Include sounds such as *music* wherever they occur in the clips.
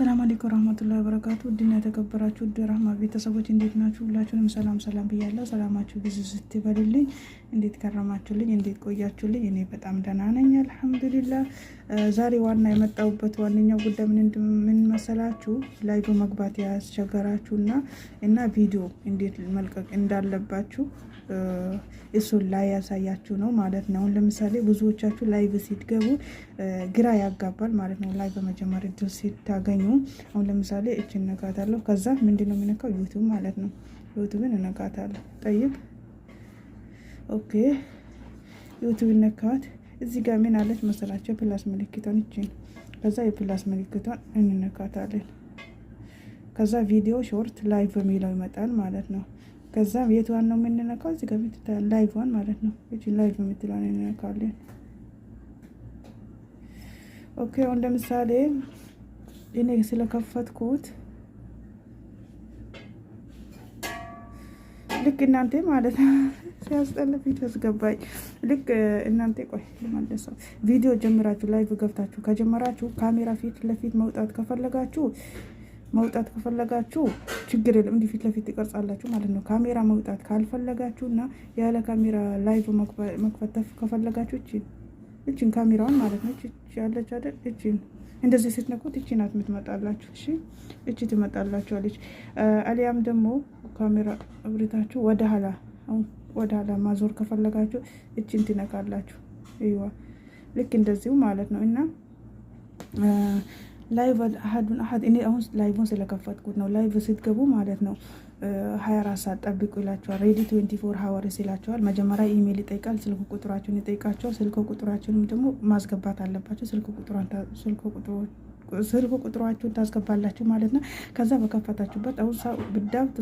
አሰላም አለይኩም ረህመቱላሂ ወበረካቱ ውድና የተከበራችሁ ውድ ራህማ ቤተሰቦች እንዴት ናችሁ? ሁላችሁንም ሰላም ሰላም ብያለሁ። ሰላማችሁ ብዙ ስትበልልኝ። እንዴት ከረማችሁልኝ? እንዴት ቆያችሁልኝ? እኔ በጣም ደህና ነኝ አልሐምዱሊላህ። ዛሬ ዋና የመጣሁበት ዋነኛው ጉዳይ ምን መሰላችሁ? ላይቭ መግባት ያስቸገራችሁ እና እና ቪዲዮ እንዴት መልቀቅ እንዳለባችሁ እሱን ላይ ያሳያችሁ ነው ማለት ነው። አሁን ለምሳሌ ብዙዎቻችሁ ላይቭ ሲትገቡ ግራ ያጋባል ማለት ነው። ላይ በመጀመሪያ ድር ሲታገኙ አሁን ለምሳሌ እች እነጋታለሁ። ከዛ ምንድን ነው የምነካው? ዩቱብ ማለት ነው። ዩቱብን እነጋታለሁ። ጠይቅ ኦኬ። ዩቱብ ነካት። እዚህ ጋር ምን አለች መሰላቸው? ፕላስ ምልክቷን እችን። ከዛ የፕላስ ምልክቷን እንነካታለን። ከዛ ቪዲዮ ሾርት ላይቭ በሚለው ይመጣል ማለት ነው። ከዛ የትዋን ነው የምንነካው? እዚህ ጋር ዋን ማለት ነው። እቺ ላይቭ የምትለዋን እንነካለን። ኦኬ እንደ ምሳሌ እኔ ስለከፈትኩት ልክ እናንተ ማለት ነው *laughs* ሲያስጠላ ፊት ያስገባኝ። ልክ እናንተ ቆይ ልመለሰው። ቪዲዮ ጀምራችሁ ላይቭ ገብታችሁ ከጀመራችሁ ካሜራ ፊት ለፊት መውጣት ከፈለጋችሁ መውጣት ከፈለጋችሁ ችግር የለም። እንዲህ ፊት ለፊት ትቀርጻላችሁ ማለት ነው። ካሜራ መውጣት ካልፈለጋችሁ እና ያለ ካሜራ ላይቭ መክፈተፍ ከፈለጋችሁ እችን እችን ካሜራውን ማለት ነው እች ያለች አይደል? እችን እንደዚህ ስትነኩት እቺ ናት የምትመጣላችሁ። እሺ እቺ ትመጣላችኋለች። አሊያም ደግሞ ካሜራ እብሪታችሁ ወደ ኋላ ወደ ኋላ ማዞር ከፈለጋችሁ እችን ትነካላችሁ። ይዋ ልክ እንደዚሁ ማለት ነው እና ላይቭ አሀዱን አሀድ እኔ አሁን ላይቭን ስለከፈትኩት ነው። ላይቭ ስትገቡ ማለት ነው ሀያ አራት ሰዓት ጠብቁ ይላቸዋል። ሬዲ ትዌንቲ ፎር ሀወርስ ይላቸዋል። መጀመሪያ ኢሜይል ይጠይቃል። ስልክ ቁጥራቸውን ይጠይቃቸዋል። ስልክ ቁጥራቸውንም ደግሞ ማስገባት አለባቸው። ስልክ ስልክ ቁጥሯችሁን ታስገባላችሁ ማለት ነው። ከዛ በከፈታችሁበት አሁን ብዳብቱ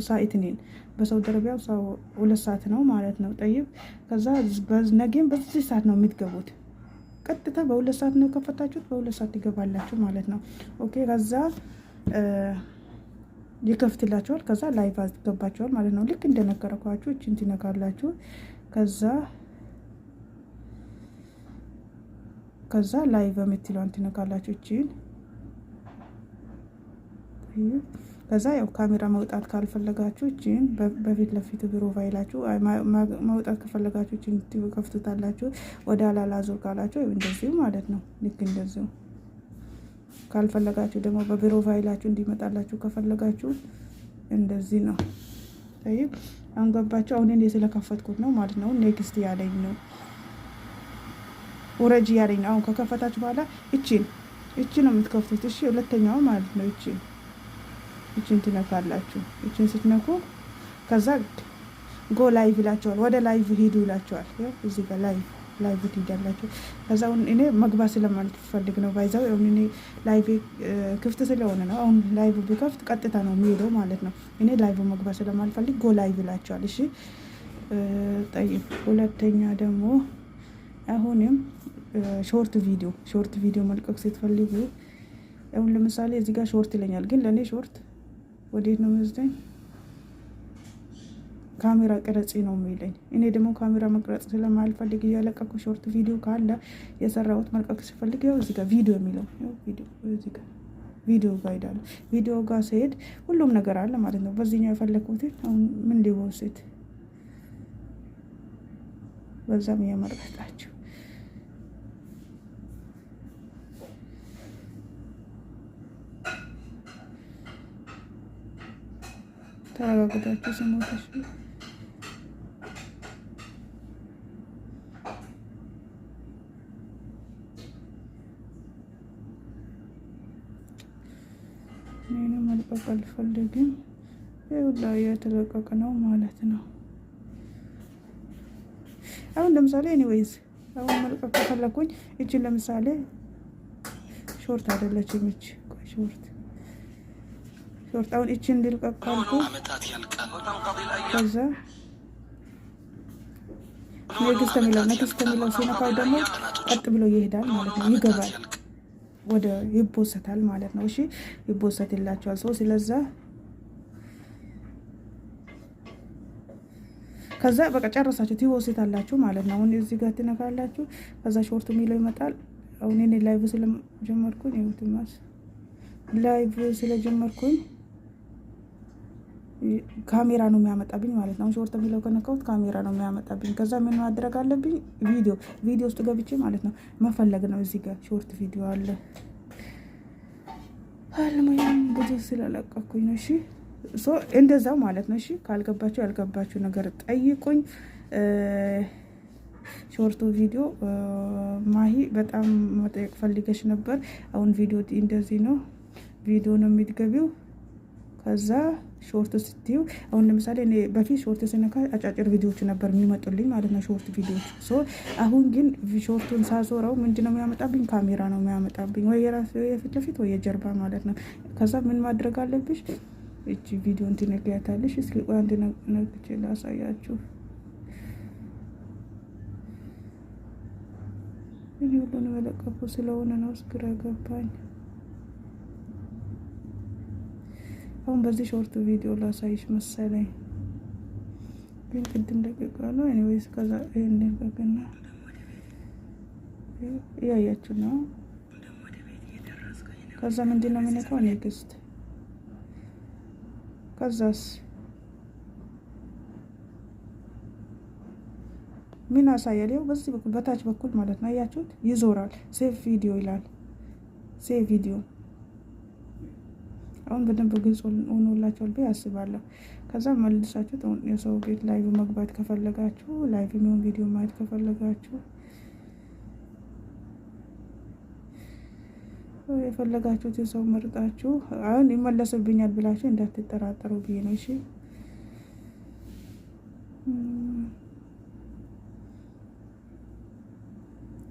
በሰው ደረቢያው ሰው ሁለት ሰዓት ነው ማለት ነው። ጠይብ ከዛ በነጌም በዚህ ሰዓት ነው የምትገቡት ቀጥታ በሁለት ሰዓት ነው የከፈታችሁት፣ በሁለት ሰዓት ይገባላችሁ ማለት ነው። ኦኬ ከዛ ይከፍትላችኋል። ከዛ ላይቭ አስገባችኋል ማለት ነው። ልክ እንደነገረኳችሁ እችን ትነካላችሁ። ከዛ ከዛ ላይቭ የምትለው ትነካላችሁ እችን ከዛ ያው ካሜራ መውጣት ካልፈለጋችሁ እችን በፊት ለፊት ፕሮፋይላችሁ መውጣት ከፈለጋችሁ እችን ከፍቱታላችሁ። ወደ አላላ ዞር ካላችሁ እንደዚሁ ማለት ነው። ልክ እንደዚሁ ካልፈለጋችሁ ደግሞ በፕሮፋይላችሁ እንዲመጣላችሁ ከፈለጋችሁ እንደዚህ ነው። ይ አሁን አሁን እንዴ ስለከፈትኩት ነው ማለት ነው። ኔክስት ያለኝ ነው ውረጅ ያለኝ ነው። አሁን ከከፈታችሁ በኋላ እችን እችን ነው የምትከፍቱት። እሺ ሁለተኛው ማለት ነው እችን እችን ትነካላችሁ። እችን ስትነኩ ከዛ ጎ ላይቭ ይላቸዋል። ወደ ላይቭ ሂዱ ይላቸዋል። እዚህ ጋር ላይቭ ላይቭ ትሄዳላችሁ። ከዛ አሁን እኔ መግባት ስለማልፈልግ ነው ባይዛው ሁን እኔ ላይቭ ክፍት ስለሆነ ነው። አሁን ላይቭ ቢከፍት ቀጥታ ነው የሚሄደው ማለት ነው። እኔ ላይቭ መግባት ስለማልፈልግ ጎ ላይቭ ይላቸዋል። እሺ ጠይቅ። ሁለተኛ ደግሞ አሁንም ሾርት ቪዲዮ ሾርት ቪዲዮ መልቀቅ ስትፈልጉ አሁን ለምሳሌ እዚህ ጋር ሾርት ይለኛል፣ ግን ለእኔ ሾርት ወዴት ነው ካሜራ ቅረጺ ነው የሚለኝ። እኔ ደግሞ ካሜራ መቅረጽ ስለማልፈልግ እያለቀኩ ሾርት ቪዲዮ ካለ የሰራሁት መልቀቅ ያው እዚህ ጋር ቪዲዮ የሚለው ቪዲዮ ጋር ሄዳለሁ። ቪዲዮ ጋር ስሄድ ሁሉም ነገር አለ ማለት ነው። በዚህኛው የፈለግኩትን አሁን ምን ሊወስድ በዛም እየመረጣችሁ ተረጋግታችሁ ስሞት እሺ። እኔ መልቀቅ አልፈልግም። ይሁላ እየተለቀቀ ነው ማለት ነው። አሁን ለምሳሌ ኤኒዌይዝ አሁን መልቀቅ ከፈለኩኝ እችን ለምሳሌ ሾርት አይደለችም እች ሾርት ሾርጣውን እቺ እንድልቀቃልኩ ከዛ ንግስት የሚለው ንግስት የሚለው ሲነካው ደግሞ ቀጥ ብሎ ይሄዳል ማለት ነው። ይገባል ወደ ይቦሰታል ማለት ነው። እሺ ይቦሰት ይላቸዋል ሰው ስለዛ ከዛ በቃ ጨረሳችሁ አላችሁ ማለት ነው። አሁን እዚህ ጋር ትነካላችሁ። ከዛ ሾርት የሚለው ይመጣል። አሁን እኔ ላይቭ ስለጀመርኩኝ ላይቭ ስለጀመርኩኝ ካሜራ ነው የሚያመጣብኝ ማለት ነው። ሾርት የሚለው ከነካሁት ካሜራ ነው የሚያመጣብኝ። ከዛ ምን ማድረግ አለብኝ? ቪዲዮ ቪዲዮ ውስጥ ገብቼ ማለት ነው መፈለግ ነው። እዚህ ጋር ሾርት ቪዲዮ አለ አልሙያም ብዙ ስለለቀኩኝ ነው። እሺ እንደዛው ማለት ነው። እሺ ካልገባችሁ ያልገባችሁ ነገር ጠይቁኝ። ሾርቱ ቪዲዮ ማሂ በጣም መጠየቅ ፈልገሽ ነበር። አሁን ቪዲዮ እንደዚህ ነው። ቪዲዮ ነው የሚትገቢው ከዛ ሾርት ስትዩ አሁን ለምሳሌ እኔ በፊት ሾርት ስነካ አጫጭር ቪዲዮዎች ነበር የሚመጡልኝ ማለት ነው፣ ሾርት ቪዲዮዎች። አሁን ግን ሾርቱን ሳዞረው ምንድነው የሚያመጣብኝ? ካሜራ ነው የሚያመጣብኝ፣ ወይ የራሱ የፊት ለፊት ወይ የጀርባ ማለት ነው። ከዛ ምን ማድረግ አለብሽ? እቺ ቪዲዮ እንትነግያታለሽ። እስኪ ቆይ አንድ ነግች ላሳያችሁ። ይህ ሁሉን የለቀፉ ስለሆነ ነው ግራ ገባኝ። አሁን በዚህ ሾርት ቪዲዮ ላሳይሽ መሰለኝ፣ ግን ቅድም ደቂቃለሁ። ኤኒዌይስ ከዛ ይሄን ልቀቅና እያያችሁ ነው። ከዛ ምንድን ነው የምንቀው? ኔክስት። ከዛስ ምን ያሳያል? ያው በዚህ በኩል በታች በኩል ማለት ነው። አያችሁት? ይዞራል። ሴቭ ቪዲዮ ይላል። ሴቭ ቪዲዮ አሁን በደንብ ግልጽ ሆኖላቸዋል ብዬ አስባለሁ። ከዛ መልሳችሁ የሰው ቤት ላይቭ መግባት ከፈለጋችሁ ላይቭ የሚሆን ቪዲዮ ማየት ከፈለጋችሁ የፈለጋችሁት የሰው መርጣችሁ አሁን ይመለስብኛል ብላችሁ እንዳትጠራጠሩ ብዬ ነው። እሺ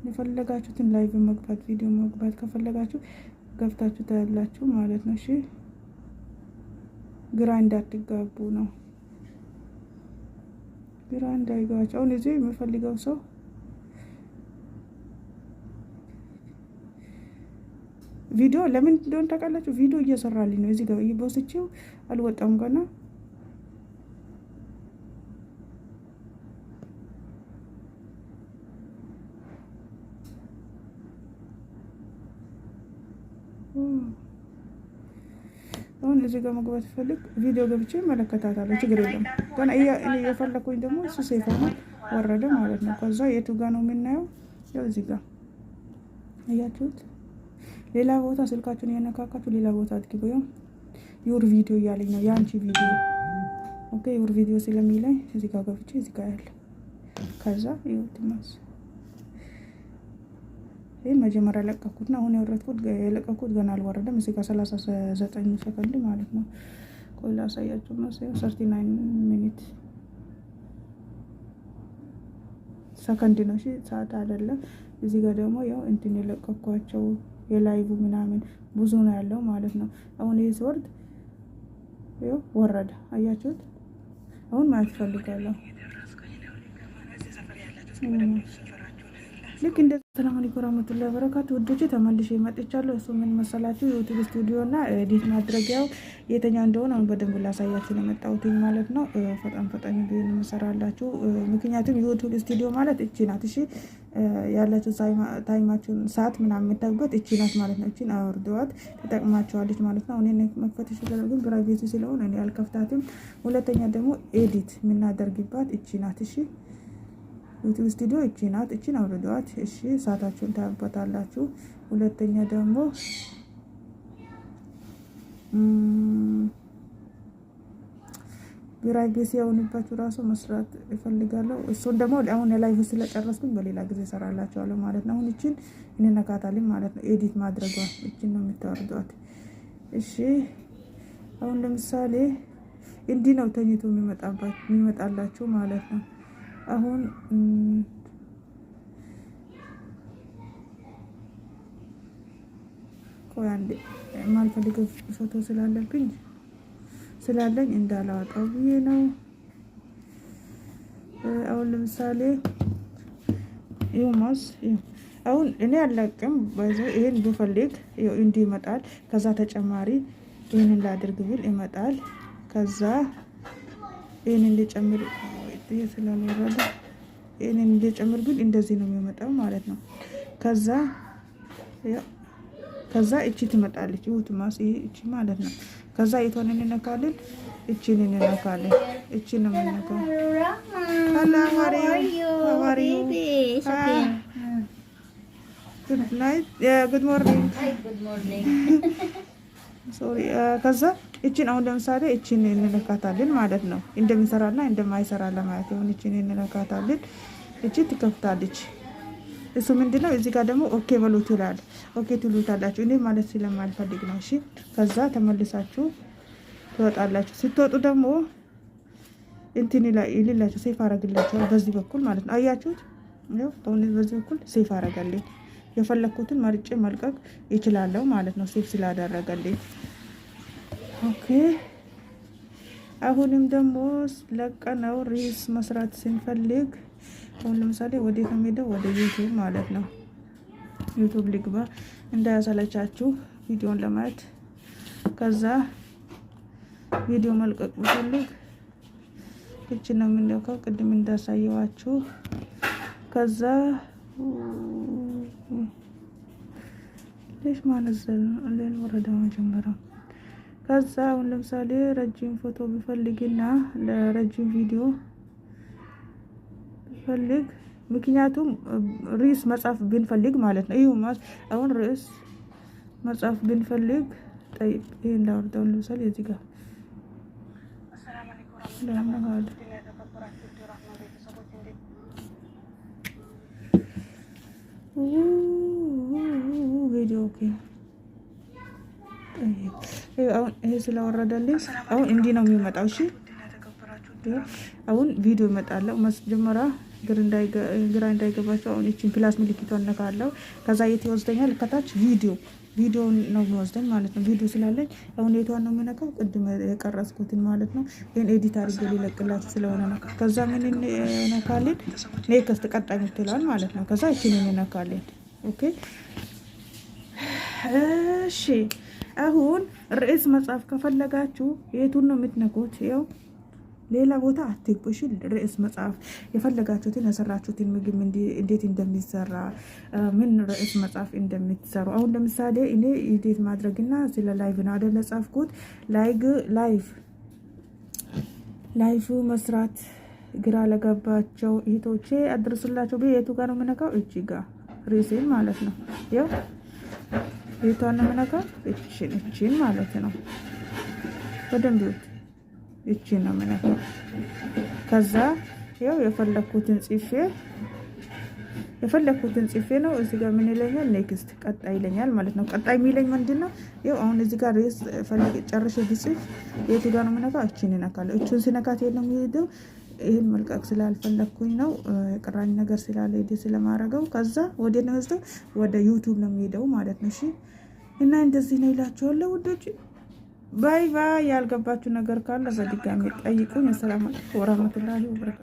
የፈለጋችሁትን ላይቭ መግባት ቪዲዮ መግባት ከፈለጋችሁ ገብታችሁ ታያላችሁ ማለት ነው። እሺ ግራ እንዳትጋቡ ነው። ግራ እንዳይጋቸው። አሁን እዚህ የምፈልገው ሰው ቪዲዮ ለምን እንደሆነ ታውቃላችሁ? ቪዲዮ እየሰራልኝ ነው። እዚህ ጋር እየቦስቼው አልወጣም ገና አሁን እዚህ ጋር መግባት ፈልግ ቪዲዮ ገብቼ እመለከታታለሁ። ችግር የለም። ግን የፈለኩኝ ደግሞ እሱ ሴፈማ ወረደ ማለት ነው። ከዛ የቱ ጋ ነው የምናየው? ያው እዚህ ጋ እያችሁት። ሌላ ቦታ ስልካችሁን እየነካካችሁ ሌላ ቦታ አድግቡ። ያው ዩር ቪዲዮ እያለኝ ነው የአንቺ ቪዲዮ ኦኬ፣ ዩር ቪዲዮ ስለሚለኝ እዚህ ጋ ገብቼ እዚህ ጋ ያለ ከዛ ይወትናስ ይህ መጀመሪያ ለቀኩትና አሁን ያወረድኩት የለቀኩት ገና አልወረደም። እዚህ ጋር ሰላሳ ዘጠኝ ሰከንድ ማለት ነው። ቆይ ላሳያችሁ ነው። ሰርቲ ናይን ሚኒት ሰከንድ ነው። እሺ ሰዓት አይደለም። እዚህ ጋር ደግሞ ያው እንትን የለቀኳቸው የላይቡ ምናምን ብዙ ነው ያለው ማለት ነው። አሁን ይህ ሲወርድ ያው ወረደ። አያችሁት? አሁን ማየት ፈልጋለሁ ልክ እንደ ሰላም አለይኩም ወራህመቱላሂ ወበረካቱ ውዶች ተመልሼ መጥቻለሁ። እሱ ምን መሰላችሁ ዩቲዩብ እና ኤዲት ማድረጊያው የተኛ እንደሆነ አሁን በደንብ ላሳያችሁ ነው የመጣሁት ማለት ነው። ፈጣን ፈጣን ቢሆን መሰራላችሁ። ምክንያቱም ዩቲዩብ ስቱዲዮ ማለት እቺ ናት። እሺ ያላችሁ ታይማችሁን ሰዓት ምናምን የምታዩበት እቺ ናት ማለት ነው። እቺን አወርደዋት ተጠቅማችኋለች ማለት ነው። እኔ መክፈት ይችላል፣ ግን ብራይቬሲ ስለሆነ እኔ አልከፍታትም። ሁለተኛ ደግሞ ኤዲት የምናደርግባት እቺ ናት። እሺ ዩቲዩብ ስቱዲዮ እቺ ናት። እቺን አውርዷት። እሺ እሳታችሁን ታያበታላችሁ። ሁለተኛ ደግሞ ቢራጌስ ያውንባችሁ ራሱ መስራት እፈልጋለሁ። እሱን ደግሞ አሁን የላይቭ ስለጨረስኩኝ በሌላ ጊዜ እሰራላችኋለሁ ማለት ነው። አሁን እችን እንነካታለን ማለት ነው። ኤዲት ማድረጓ እችን ነው የምታወርዷት። እሺ አሁን ለምሳሌ እንዲህ ነው ተኝቶ የሚመጣላችሁ ማለት ነው። አሁን ቆይ አንዴ የማልፈልገው ፎቶ ስላለብኝ ስላለኝ እንዳላወጣው ብዬ ነው። አሁን ለምሳሌ ይሁማስ አሁን እኔ አላቅም ይሄን ብፈልግ እንዲህ ይመጣል። ከዛ ተጨማሪ ይህንን ላድርግ ብል ይመጣል። ከዛ ይህንን ሊጨምር ብዬ ስላልወረደ ይህንን እንደጨምር ግን እንደዚህ ነው የሚመጣው ማለት ነው። ከዛ ከዛ እቺ ትመጣለች ይሁት ማስ እቺ ማለት ነው። ከዛ የቷን እንነካለን? እቺን እንነካለን። እቺ ነው የምንነካው። ማሪ ማሪ *laughs* ከዛ እችን አሁን ለምሳሌ እችን እንለካታለን ማለት ነው። እንደሚሰራና እንደማይሰራ ለማለት ሆን እችን እንለካታለን። እች ትከፍታለች። እሱ ምንድ ነው? እዚ ጋር ደግሞ ኦኬ በሎ ትላል። ኦኬ ትሉታላችሁ። እኔ ማለት ስለማልፈልግ ነው። እሺ፣ ከዛ ተመልሳችሁ ትወጣላችሁ። ስትወጡ ደግሞ እንትን ይልላችሁ፣ ሴፍ አረግላችኋል። በዚህ በኩል ማለት ነው። አያችሁት? በዚህ በኩል ሴፍ አረጋለኝ። የፈለግኩትን መርጬ መልቀቅ ይችላለሁ ማለት ነው፣ ሴፍ ስላደረገልኝ ኦኬ አሁንም ደግሞ ለቀነው ሪልስ መስራት ስንፈልግ አሁን ለምሳሌ ወዴት ነው የምሄደው? ወደ ዩቱብ ማለት ነው። ዩቱብ ልግባ እንዳያሰለቻችሁ ቪዲዮን ለማየት ከዛ ቪዲዮ መልቀቅ ብፈልግ እቺ ነው የምንለካው፣ ቅድም እንዳሳየዋችሁ። ከዛ ሌሽ ማነዘል ሌል ወረዳ መጀመሪያ ከዛ አሁን ለምሳሌ ረጅም ፎቶ ብፈልግና ለረጅም ቪዲዮ ብፈልግ ምክንያቱም ርዕስ መጽሐፍ ብንፈልግ ማለት ነው። ይሁ አሁን ርዕስ መጽሐፍ ብንፈልግ ጠይቅ ይህ እንዳወርደውን ለምሳሌ እዚህ ጋር ቪዲዮ ኦኬ አሁን ይሄ ስለወረደልኝ አሁን እንዲህ ነው የሚመጣው። እሺ አሁን ቪዲዮ ይመጣለው። መጀመሪያ ግራ እንዳይገባቸው አሁን ይችን ፕላስ ምልክቷን ነካለሁ። ከዛ የት ይወስደኛል? ከታች ቪዲዮ ቪዲዮ ነው የሚወስደኝ ማለት ነው። ቪዲዮ ስላለኝ አሁን የቷን ነው የሚነካው? ቅድም የቀረስኩትን ማለት ነው። ይህን ኤዲት አድርጌ ሊለቅላችሁ ስለሆነ ነው። ከዛ ምን ነካልን? ኔክስት ቀጣይ ምትለዋል ማለት ነው። ከዛ ይችን ነካልን። ኦኬ እሺ አሁን ርዕስ መጽሐፍ ከፈለጋችሁ የቱን ነው የምትነኩት? ይኸው ሌላ ቦታ አትግቡ። ርዕስ መጽሐፍ የፈለጋችሁትን የሰራችሁትን ምግብ እንዴት እንደሚሰራ ምን ርዕስ መጽሐፍ እንደምትሰሩ አሁን ለምሳሌ እኔ እንዴት ማድረግና ስለ ላይቭ ነው አደለ ጻፍኩት። ላይግ ላይቭ ላይቭ መስራት ግራ ለገባቸው እህቶቼ አድርሱላቸው። የቱ ጋር ነው የምነካው? እጅ ጋር ርዕሴን ማለት ነው። የቷን የምነካው እቺን እቺን ማለት ነው። በደንብ እቺን ነው የምነካው። ከዛ ያው የፈለኩትን ጽፌ የፈለኩትን ጽፌ ነው እዚህ ጋር ምን ይለኛል? ኔክስት ቀጣይ ይለኛል ማለት ነው። ቀጣይ የሚለኝ ምንድን ነው? ያው አሁን እዚህ ጋር ሬስ ፈልግ ጨርሼ ብጽፍ የቱ ጋር ነው ምነካ? እቺን እነካለሁ። እቺን ሲነካት የለም የሚሄደው ይህን መልቀቅ ስላልፈለግኩኝ ነው ቅራኔ ነገር ስላለ ዲ ስለማረገው ከዛ ወደ ነዝደ ወደ ዩቱብ ነው የሚሄደው ማለት ነው። እሺ እና እንደዚህ ነው ይላችኋለሁ ውዶች። ባይ ባይ። ያልገባችሁ ነገር ካለ በድጋሚ ጠይቁኝ። ሰላም ወራህመቱላሂ ወበረካቱ